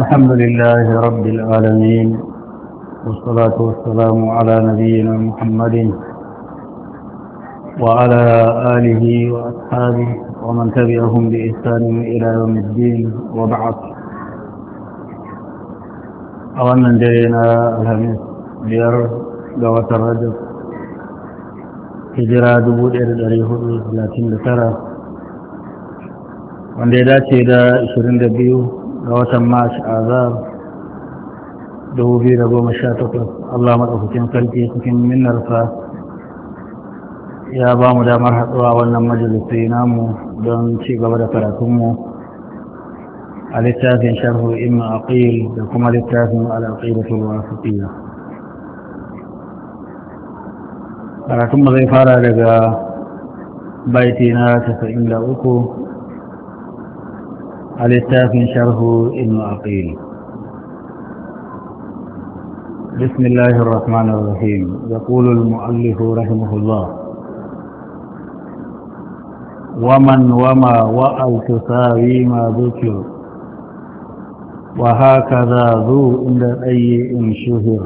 الحمد لله رب العالمين والصلاة والسلام على نبينا محمد وعلى آله وأصحابه ومن تبعهم بإحسان إلى يوم الدين وبعد أولا جرينا الهميس بير قوة الرجب هجرة دبود لكن بترى wanda ya dace da 22 ga watan mars azab 2018 Allah maɗaukakin sarki cikin minnarsa ya ba mu damar haɗuwa wannan majalisi namu don ci gaba da karatunmu a littafin sharhu imma aqil da kuma littafin al'aqidatul wasitiyya karatunmu zai fara daga baiti na 93 a littafin sharhu ilmu aqil بسم الله الرحمن الرحيم يقول المؤلف رحمه الله ومن وما وأو تساوي ما ذكر وهكذا ذو عند أي إن شهر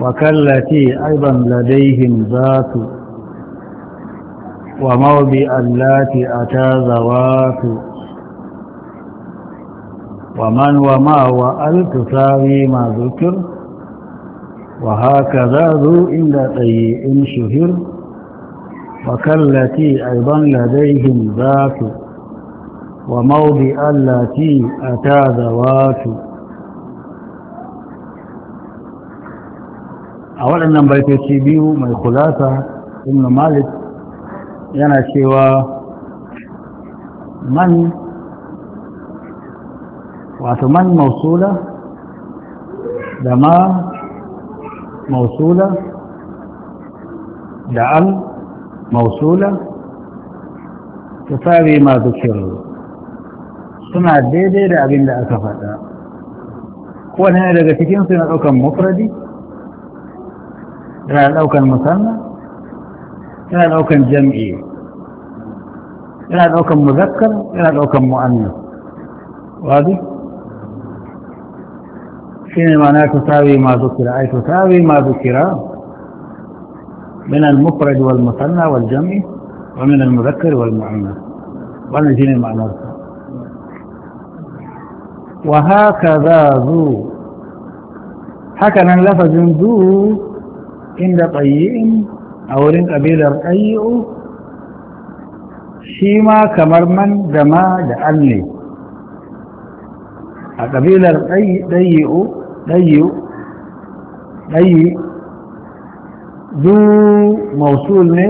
وكالتي أيضا لديهم ذات وموضع اللاتي أتى ذوات ومن وما وأل تساوي ما ذكر وهكذا ذو إلا طي إن شهر وكالتي أيضا لديهم ذات وموضع التي أتى ذوات أولا نبيت الشيبيو من خلاصة ابن مالك ينا شوى من وعثمان موصولة دمار موصولة دعم موصولة تصابي ما ذكر سمع الديدي لأبين لأكفة قول هنا لقد تكين صنع أوكم مفردي رأى الأوكم مصنع رأى الأوكم جمعي رأى الأوكم مذكر رأى الأوكم مؤنث واضح شيء معناه تساوي ما ذكر أي تساوي ما ذكر من المفرد والمثنى والجمع ومن المذكر والمؤنث وأنا شيء وهكذا ذو هكذا لفظ ذو عند طيء أو رين قبيلة أيئ شيما كمرمن دما دعني a ƙabilar ɗayi'u ɗayu ɗayi du mausul ne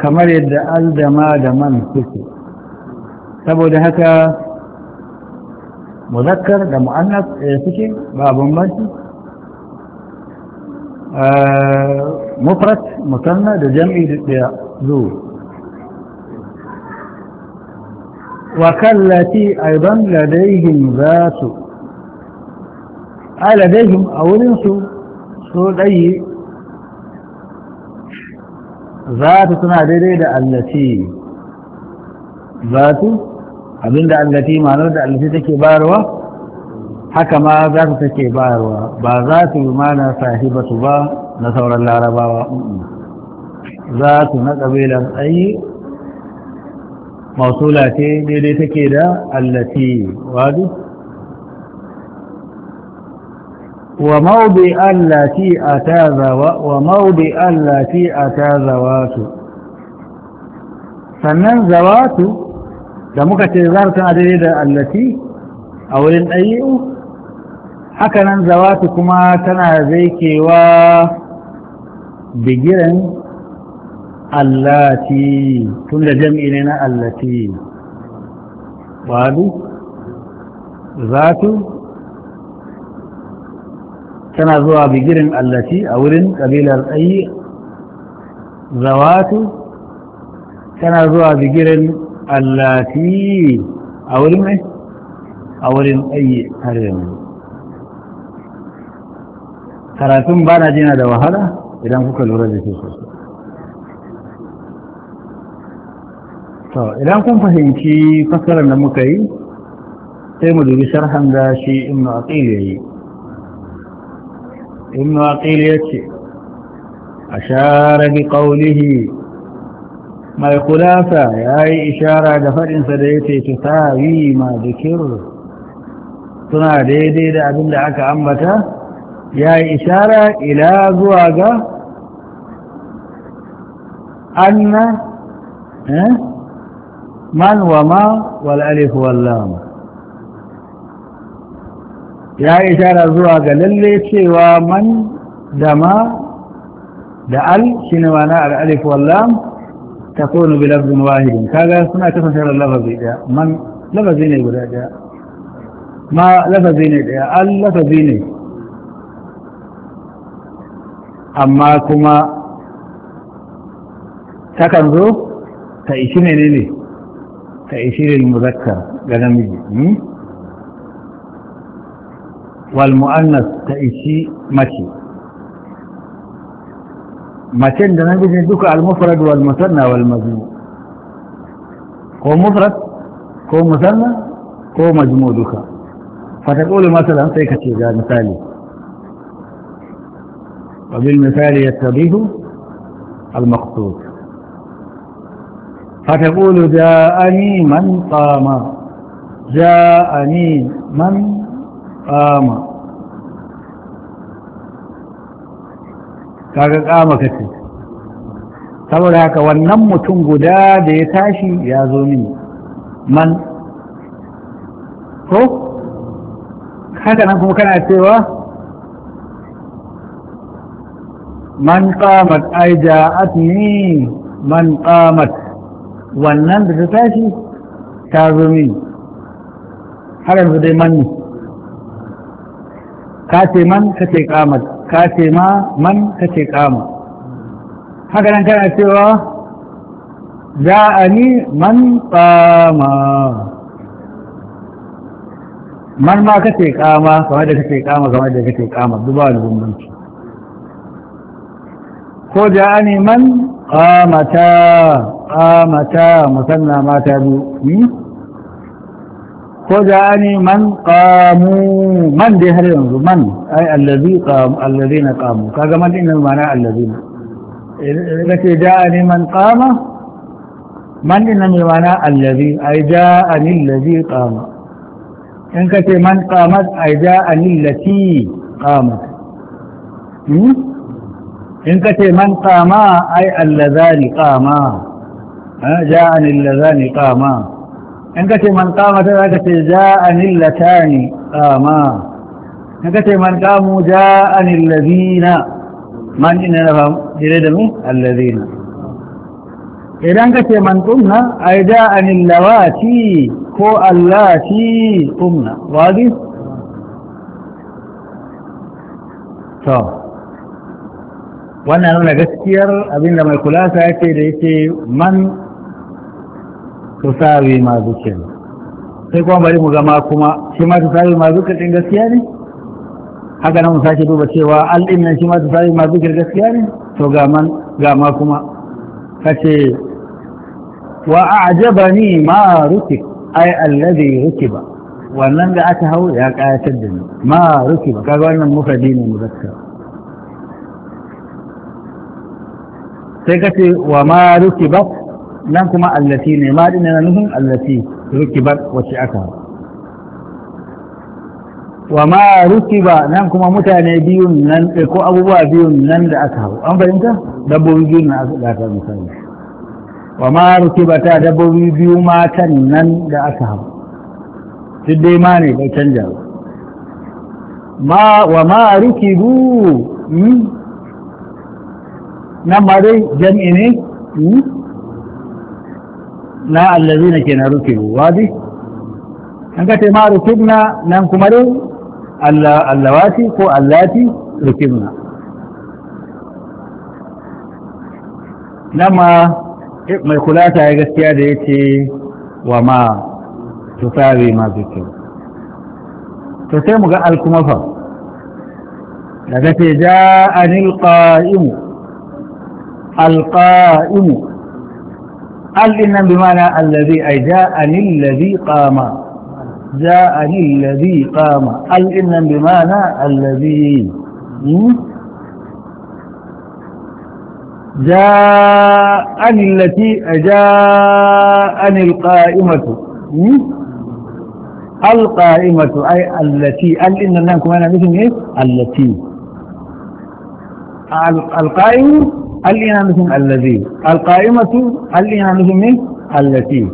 kamar yadda aldama da man suke saboda haka muzakkar da mu'annas eh, suke ba bambanci eh, mufrat musanna da jam'i da ɗaya zuwa وكالتي أيضا za su. ala dajin a wurinsu so ɗayi za ta suna daidai da allaci za su abinda allaci ma'anar da allaci take bayarwa haka ma za su take bayarwa ba za su yi mana sahibatu ba na sauran larabawa za su na ƙabilar tsayi mausula ce daidai take da allaci wadu وموضع التي أتى ذوا وموضع التي أتى ذوات فمن ذوات da muka ce za tana adare da allati a wurin ɗayi'u hakanan zawatu kuma tana zaikewa bigiran allati tun da jam'i ne na allati wadu zatu tana zuwa bigirin allaci a wurin ƙabilar tsayi zawatu tana zuwa bigirin allaci a wurin mai a wurin tsayi har yanzu karatun ba na jina da wahala idan kuka lura da shi sosai to idan kun fahimci fasarar da muka yi sai mu dubi sharhan da shi ibnu aqil yayi ibn aqil yace ashara bi qawlihi mai kulasa yayi ishara da fadin sa da yace tusawi ma dhikr suna daidai da abin da aka ambata yayi ishara ila zuwa ga anna man wa ma wal alif wal lam ya yi shara zuwa ga lalle cewa man da ma da al shi ne mana al'alif wallam ta kone bi lafzin wahidin kaga suna kasance da lafazi daya man lafazi ne guda daya ma lafazi ne daya al lafazi ne amma kuma takan zo ta ishi ne ne ta ishi ne muzakkar ga namiji hmm? والمؤنث تأتي متي متين ده نبي دوكا المفرد والمثنى والمجموع هو مفرد هو مثنى هو مجموع دوك فتقول مثلا سيكتي ده مثالي وبالمثال يتبيه المقصود فتقول جاءني من قام جاءني من kama kaga kama kace saboda haka wannan mutum guda da ya tashi ya zo mini man ko haka nan kuma kana cewa man ai da ja'atni man qamat wannan da ta tashi ta zo mini har yanzu dai man ne kace man kace kama kamar ma man kace kama kamar haka nan kana cewa za'ani man kama. man ma kace kama kamar da kace kama kamar da kace kama duba da bambanci ko za'ani man kama ta musanna mata biyu hmm? ko ja'ani man qamu man dai har yanzu man ai allazi qamu allazina qamu kaga man din ma'ana allazina kace ja'ani man qama man din ne ma'ana allazi ai ja'ani allazi qama in kace man qamat ai ja'ani allati qamat in kace man qama ai allazani qama ja'ani allazani qama انكتي من قام تذكت جاء نلتان آما انكتي من قام جاء الذين من إن نفهم جريدني الذين إذا انكتي من قمنا أي جاء اللواتي هو اللاتي قمنا واضح so wannan nuna gaskiyar abin da mai kula ta yake da yake man tusawi ma zukir sai kuma bari mu gama kuma shi ma tusawi ma zukir din gaskiya ne haka nan mu sake duba cewa al din nan shi ma tusawi ma zukir gaskiya ne to ga man ga ma kuma kace wa a'jabani ma rukib ai alladhi rukiba wannan da aka hau ya kayatar da ni ma rukiba kaga wannan mufradi ne muzakkar sai ka ce wa ma ruki ba nan kuma allati ne ma din na nufin allati rukibat wacce aka wa ma rukiba nan kuma mutane biyun nan eh, ko abubuwa biyun nan da aka hau an fahimta dabbobi biyun na aka gata misali wa ma ta dabbobi biyu matan nan da aka hau duk dai ma ne bai canja ba ma wa ma rukibu hmm? nan ma dai jam'i ne hmm? na allazina ke na rukibu wadi an ka ce ma rukibna nan kuma dai allawati ko allati rukibna nan ma mai kula ta ya gaskiya da ya ce wa ma su tusawi ma zikin to sai mu ga alkumafa daga ce anil qa'imu alqa'imu الإنم بمعنى الذي أي جاءني الذي قام جاءني الذي قام الإنم بمعنى الذي جاءني التي جاءني القائمة القائمة أي التي الإنم كمان مثل إيه التي القائمة قال الذي القائمة قال التي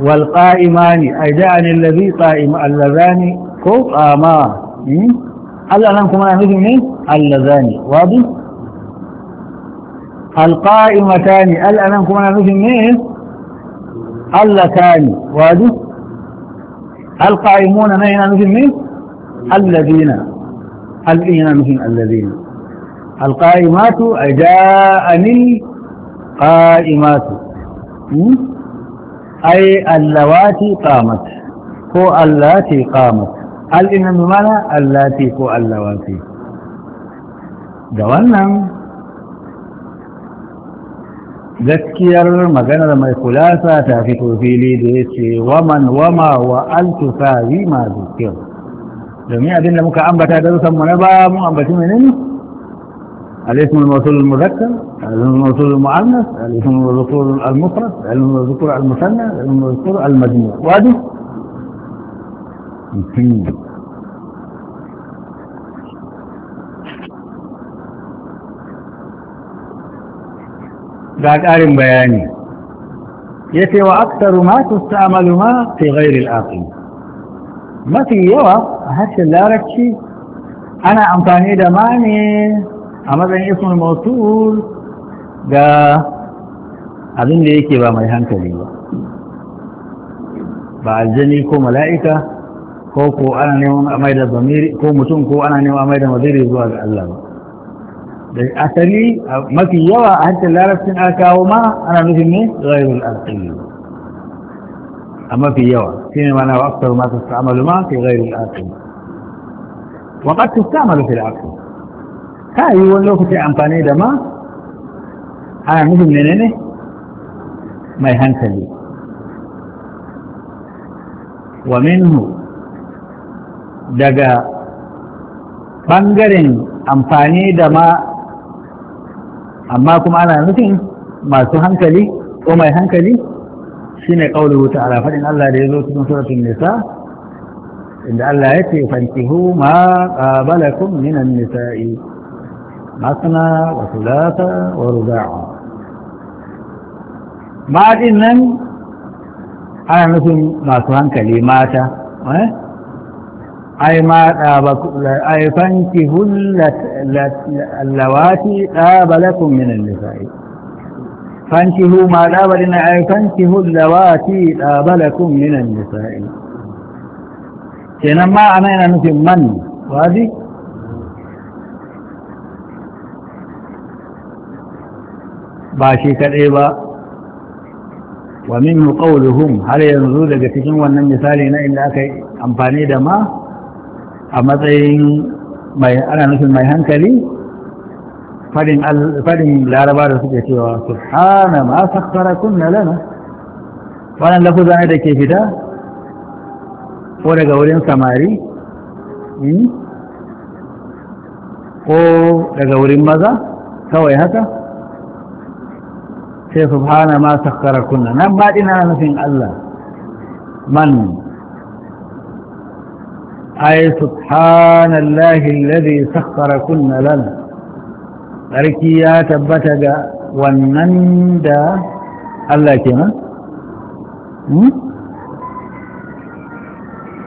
والقائمان أي جاءني الذي قائم اللذان قاما قال أنا اللذان واضح القائمتان قال أنا اللتان واضح القائمون نهينا مثل الذين الذين الذين alƙa'imatu a ja'anil ƙa'imatu ai allawati ƙamat ko allati ƙamat al'inan mana allati ko allawati da wannan gaskiyar maganar mai kulasa ta fito fili da ya ce waman wama wa altufa zima zikir domin abinda muka ambata da mu na ba mu ambaci menene الاسم الموصول المذكر الاسم الموصول المؤنث الاسم الموصول المفرد الاسم الموصول المثنى الاسم الموصول المجموع وادي بعد أرم بياني يتي وأكثر ما تستعمل ما في غير الآقل ما في يوى هاتش اللارك شي أنا أمتاني دماني a matsayin ismul mausul ga abin da yake ba mai hankali ba ba aljani ko mala'ika ko ko ana neman amai da zamiri ko mutum ko ana neman amai da maziri zuwa ga Allah ba da asali mafi yawa a hancin larabcin aka kawo ma ana nufin ne ghairul aqil a mafi yawa shine mana wa akthar ma tastamalu ma fi ghairil aqil wa qad tastamalu fil aqil ta yi wani lokacin amfani da ma ana nufin ne mai hankali wa minhu daga ɓangaren amfani da ma amma kuma ana nufin masu hankali ko mai hankali shine ƙaunar ta'ala faɗin Allah da ya zo cikin suratun nisa inda Allah ya ce hu ma ƙabalakun minan nisa'i مثنى وثلاثة ورباع بعد إذن أنا مثل ما سوان كلمات أي ما أي فانكه اللواتي آب لكم من النساء فانكه ما آب لنا أي فانكه اللواتي آب لكم من النساء كنما أنا أنا مثل من وهذه ba shi kaɗai ba wa min qawluhum har yanzu daga cikin wannan misali na inda aka yi amfani da ma a matsayin mai ana nufin mai hankali fadin fadin laraba da suke cewa subhana ma sakhara kunna lana wannan lafuza ne da ke fita ko daga wurin samari hmm, ko daga wurin maza kawai haka ce subhana ma sakkara kunna nan ma dina nufin Allah man ay subhanallahi alladhi sakkara kunna lana sarki ya tabbata ga wannan da Allah kenan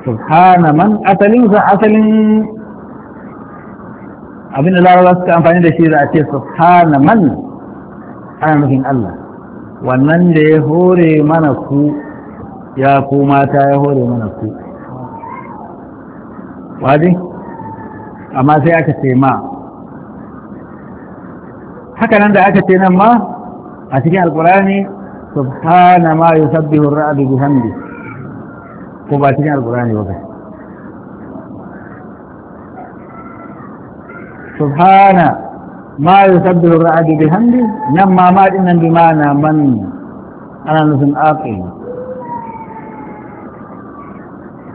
subhana man asalin sa asalin abin da larabawa suka amfani da shi za a ce subhana man ana nufin Allah wannan da ya hore mana ku ya ku mata ya hore mana ku waje amma sai aka ce ma haka nan da aka ce nan ma a cikin alkurani subhana ma yusabbihu ar-ra'du bihamdi ko ba cikin alkurani ba subhana ما يسبب الرعد بحمده لما ما إن بمعنى من أنا نسم آقين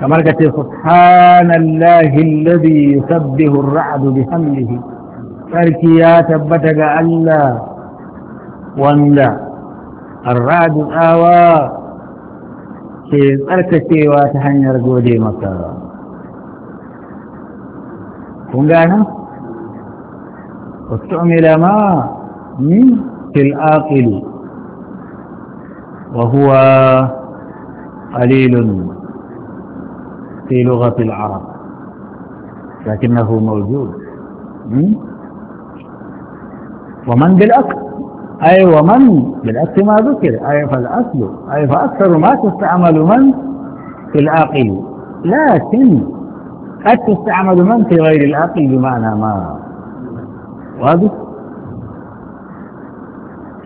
كما قلت سبحان الله الذي يسبه الرعد بحمده تركي يا تبتك ألا وانلا الرعد الآوى كيف أركتي ta hanyar gode maka. Kun واستعمل ما من في الآقل وهو قليل في لغة العرب لكنه موجود ومن بالأكل أي ومن بالأكل ما ذكر أي فالأصل أي فأكثر ما تستعمل من في الآقل لكن قد تستعمل من في غير العقل بمعنى ما واضح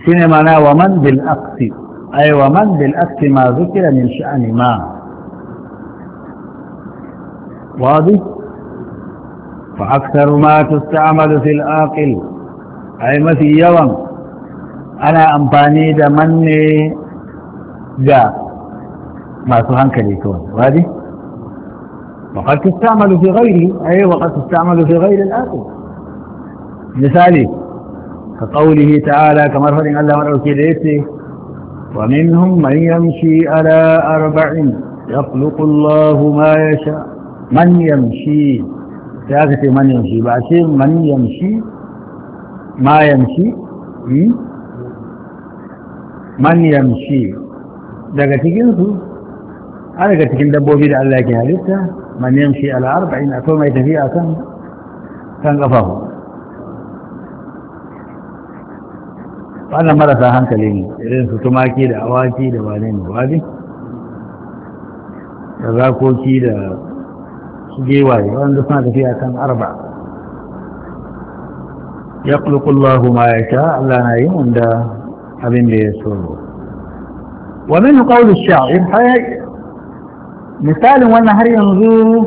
شنو معناه ومن بالأقس أي ومن بالأقس ما ذكر من شأن ما واضح فأكثر ما تستعمل في الآقل أي ما في يوم أنا أمباني دا مني جاء ما سهنك ليكون واضح وقد تستعمل في غيره أي وقد تستعمل في غير الآقل مثالي كقوله تعالى كما رفضي الله من ومنهم من يمشي على أربع يخلق الله ما يشاء من يمشي سياسة من يمشي بعشر من يمشي ما يمشي من يمشي ده أنا قلت لك كتير ده بوفي ده الله من يمشي على أربعين أتوم أي تفيه أتم كان قفاهم wannan marasa hankali ne irin su tumaki da awaki da wane ne wani da zakoki da su gewaye wanda suna tafiya kan arba ya kulkullahu ma ya sha Allah na yi wanda abin da ya so wannan yi ƙaunar sha'ir misalin wannan har yanzu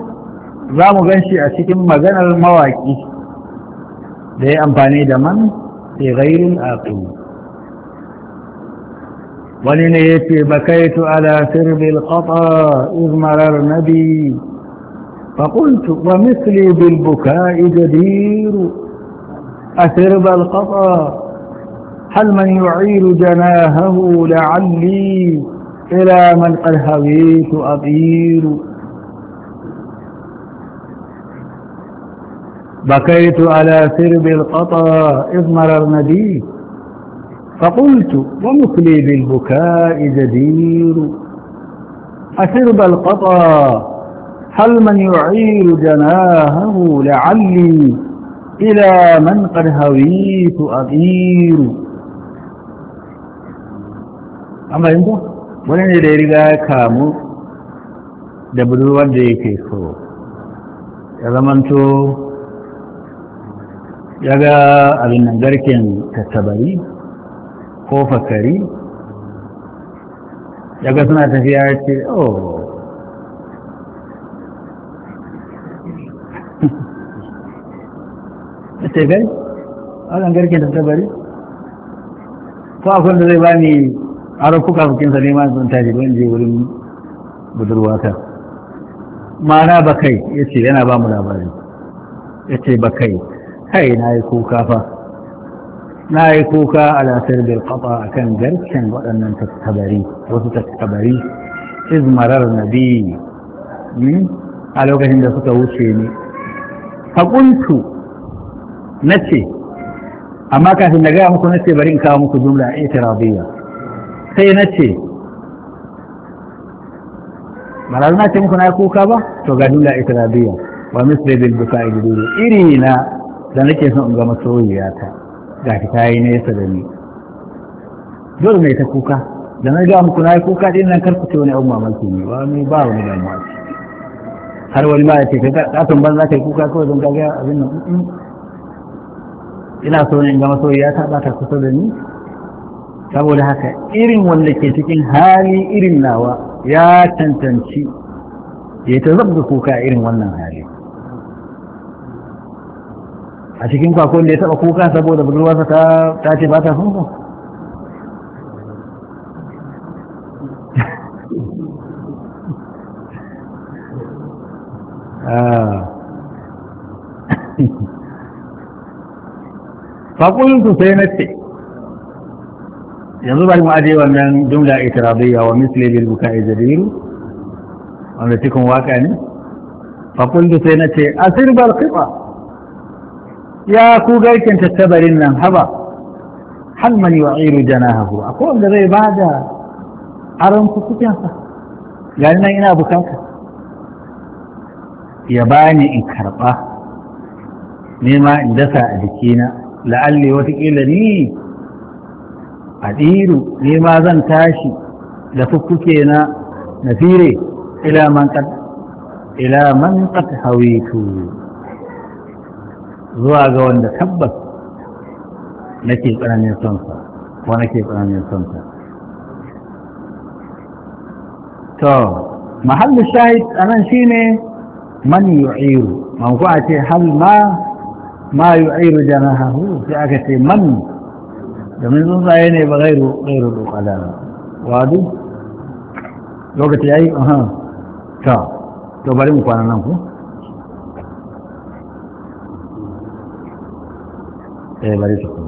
za mu gan shi a cikin maganar mawaƙi da ya amfani da man sai gairin aƙi ولنيتي بكيت على سرب bakaitu إذ مرر نبي فقلت ومثلي بالبكاء جدير أسرب القطى هل من يعير جناهه لعلي إلى من قد هويت أطير بكيت على سرب القطى إذ مررنا بي فقلت ومثلي بالبكاء جدير أسرب القطى هل من يعير جناهه لعلي إلى من قد هويت أغير أما أنت ولن يدير كامو da budurwar da yake so يا zamanto ya ga abin ko fakari daga suna tafiya ya ce oh ce kai an garke da tabari ko akwai da zai ba ni aro kuka fukin ne ma sun tashi don je wurin budurwata mana bakai, ya ce yana ba mu labari ya ce bakai kai na yi kuka fa na yi kuka a lasar bilkaba a kan garken waɗannan tattabari wasu tattabari izmarar nabi hmm? a lokacin da suka wuce ni haƙuntu na ce amma kafin na gaya muku na ce bari in kawo muku jumla a rabiya sai na ce na ce muku na yi kuka ba to ga jumla a rabiya wa misli bil buka'i iri na da nake son in ga masoyiyata ga ta yi nesa da ni dole ne ta kuka da na ga muku na yi kuka din nan karku ce wani abu mamaki ne ba ni ba wani damuwa har wani ma ya ce kai katon ban za ka yi kuka kawai don gaga abin nan ina so ne in ga ya ta ba ta kusa da ni saboda haka irin wanda ke cikin hali irin nawa ya cancanci ya ta zabga kuka irin wannan hali a cikin kwako da ya taba kuka saboda budurwarsa ta ce ba ta son sa ah. fakultu sai na ce yanzu bari mu aje wannan jumla a itirabiyya wa misli bil a jadiru wanda cikin waka ne fakultu sai na ce asir bar kifa ya ku garken tattabarin nan haba hal man yu'iru hagu. akwai wanda zai ba da aron kukukinsa gani nan ina bukata ya bani in karɓa. nema in dasa a jikina la'alli watakila ni a tsiru nema zan tashi da kukuke na na fire ila man qad ila man qad hawitu zuwa ga wanda tabbas nake tsananin sonsa ko nake tsananin sonsa to mahallu shahid anan shine man yu'iru man ku a ce hal ma ma yu'iru janahahu sai aka ce man domin tsuntsaye ne ba gairu gairu dokala wadu lokaci yayi aha to to bari mu kwana nan ku eh, Marisa.